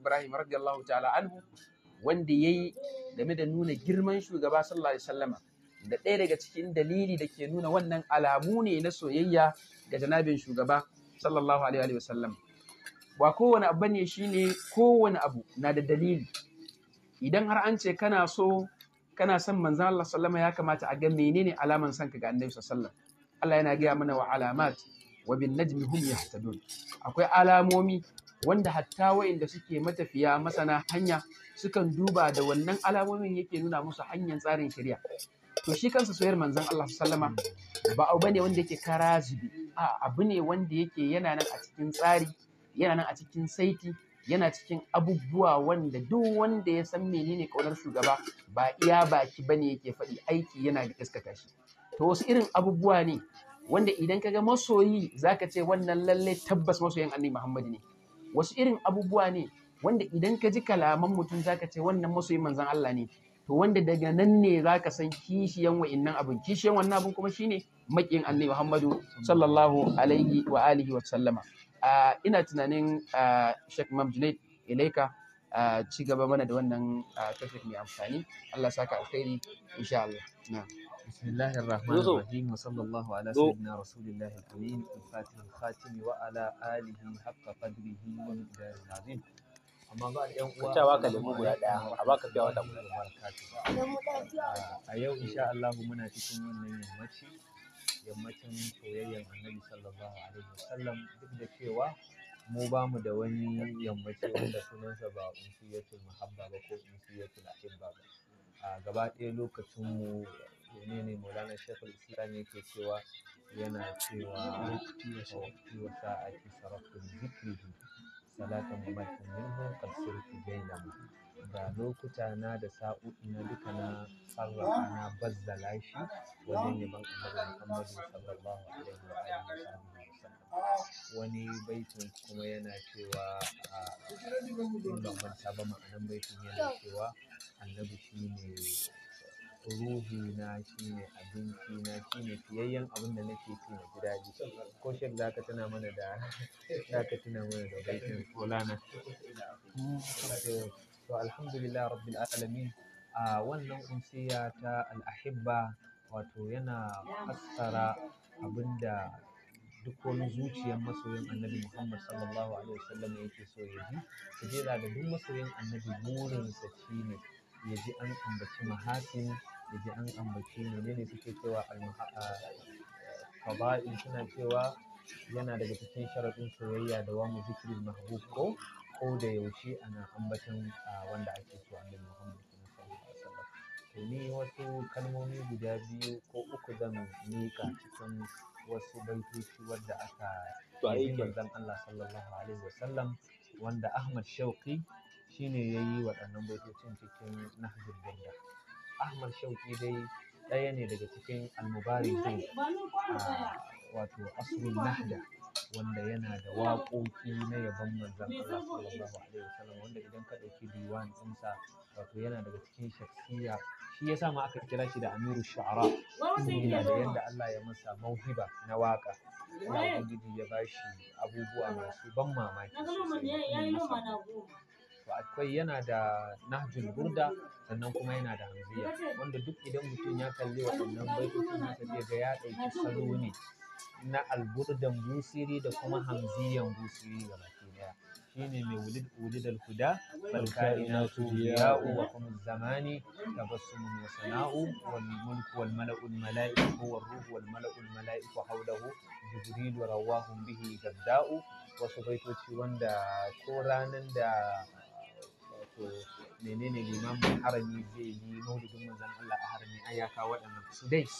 Ibrahim radiyallahu ta'ala anhu wanda yayi game da nuna girman shugaba sallallahu alaihi wasallama da ɗaya daga cikin dalili da ke nuna wannan alamu ne na soyayya ga janabin shugaba sallallahu alaihi ba kowane abu ne shi ne kowane abu na da dalili idan har an ce kana so kana son manzon Allah sallama ya kamata a ga menene alaman sanka ga annabi sallallahu Allah yana gaya mana wa alamat wa bin najmi hum akwai alamomi wanda hatta wa'inda suke matafiya masana hanya sukan duba da wannan alamomin yake nuna musu hanyar tsarin shari'a to shi kansa soyar manzon Allah sallama ba abu bane wanda yake kara zubi a abu ne wanda yake yana nan a cikin tsari yana nan a cikin saiti yana cikin abubuwa wanda duk wanda ya san menene kaunar shugaba ba iya baki bane yake faɗi aiki yana gaskata shi to wasu irin abubuwa ne wanda idan kaga masoyi zaka ce wannan lalle tabbas masoyin annabi Muhammad ne wasu irin abubuwa ne wanda idan ka ji kalaman mutum zaka ce wannan masoyi manzan Allah ne to wanda daga nan ne zaka san kishiyan wa'innan abin kishiyan wannan abin kuma shine makin Allah Muhammadu sallallahu alaihi wa alihi wa sallama ina tunanin Sheikh Mamjunaid ilaika ci gaba mana da wannan tafiya mai amfani Allah saka alkhairi insha Allah na'am بسم الله الرحمن الرحيم وصلى الله على سيدنا رسول الله الفاتح الخاتم وعلى حق قدره العظيم amma ba yan uwa baka lemu guda daya a baka wata guda a yau insha Allah muna cikin wannan yammaci yammacin annabi sallallahu alaihi wasallam duk da cewa mu ba mu da wani yammaci wanda sunansa ba unsiyatul mahabba ba ko unsiyatul ahibba ba gaba ɗaya lokacin mu menene maulana shekul islam yake cewa yana cewa wa sa'ati sarafin zikrihi salatan wa makin minhu qad sirtu bainama ga lokuta na da sa'o'i na duka na sarrafa na bazzala shi wajen yaban kamar Muhammadu sallallahu alaihi wa alihi wani baitin kuma yana cewa a ah, ban manta ba ma'anan baitin yana cewa annabi ne. shi shine abincina shine fiyayyen abin da nake ci na ji ko shek za ka tana mana da za ka tuna mana da baitin kolana to alhamdulillah rabbil alamin a wannan unsiya ta al'ahibba wato yana fassara abinda duk wani zuciyar masoyin annabi Muhammad sallallahu alaihi wasallam yake so ya ji, kujera da duk masoyin annabi burinsa shi ne ya ji an ambaci mahasin ya ji an ambaci menene suke cewa faba'in suna cewa yana daga cikin sharaɗin soyayya da wa mu mahbub ko ko da yaushe ana ambacin wanda ake so annabi Muhammad to ni wasu kalmomi guda biyu ko uku zan miƙa cikin wasu baitoci wadda aka yi manzon Allah sallallahu alaihi wasallam wanda Ahmad Shauki shi ne ya yi waɗannan baitocin cikin nahjul banda ahmad shauki dai ɗaya ne daga cikin almubari zai ah, wato asrul nahda wanda yana da waƙoƙi na yabon manzon Allah sallallahu alaihi wasallam wanda idan ka ɗauki diwan ɗinsa wato yana daga cikin shaksiya shi yasa ma aka kira shi da Amiru shara yana da yadda Allah ya masa mauhiba na waƙa Allah ubangiji ya bashi abubuwa masu ban mamaki sosai to akwai yana da nahjul burda sannan kuma yana da hamziya wanda duk idan mutum ya kalli waɗannan baitocin nasa zai ga ya ɗauki salo ne na alburdan busiri da kuma hamziyan busiri ga baki daya shine mai wulid wulid alhuda bal kainatu ya'u wa kum zamani tabassum wa sana'u wal mulku wal mala'u al mala'iku wal ruhu wal mala'u al mala'iku hawlahu jibril wa rawahum bihi gadda'u wasu baitoci wanda ko ranan da wato menene limamin harami zai yi maulidin manzon Allah a harami ai ya kawo waɗannan sudais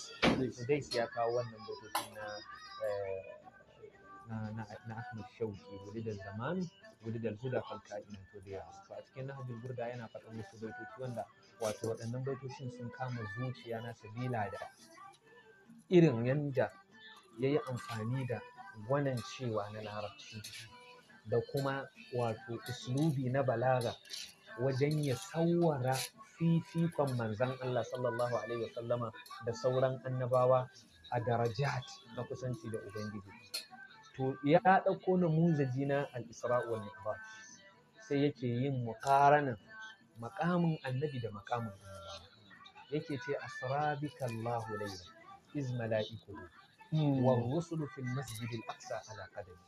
sudais ya kawo wannan batutu na eh, na na Ahmad Shauki wulidal zamanu wulidal huda fal ka'inun to da yawa to a cikin nahjul burda yana faɗan wasu baitoci wanda wato waɗannan baitocin sun kama zuciya na sabila da irin yanda yi amfani da wannan cewa na larabci da kuma wato uslubi na balaga wajen ya tsawara fifikon manzan Allah sallallahu alaihi wasallama da sauran annabawa a darajat na kusanci da Ubangiji. To ya ɗauko namuzaji jina al-Isra'u ba, sai yake yin muƙaranan makamin annabi da makamin annabawa. Yake ce asrabika Allahu layla iz malaikuhu wa hmm. rusulu fil masjidil aqsa ala qadami.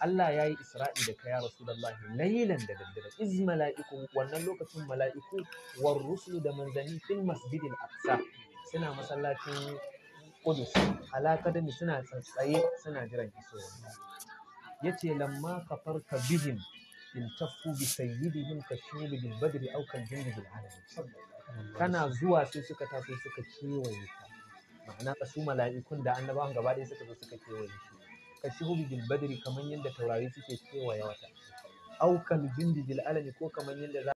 Allah ya yi isra'i da ka ya Rasulullahi lailan da daddare iz mala'iku wannan lokacin mala'iku war rusulu da manzanni fil masjidin aqsa suna masallacin Qudus ni suna tsatsaye suna jiran iso ce, lamma kafarka bihim iltafu bi sayyidihim kashmir badri aw kal bil kana zuwa sai suka taso suka kewaye ka ma'ana kasu mala'ikun da annabawan gaba ɗaya suka zo suka kewaye shi ka bil badri kaman yadda taurari suke kewaya wata aw kal alami ko kaman yadda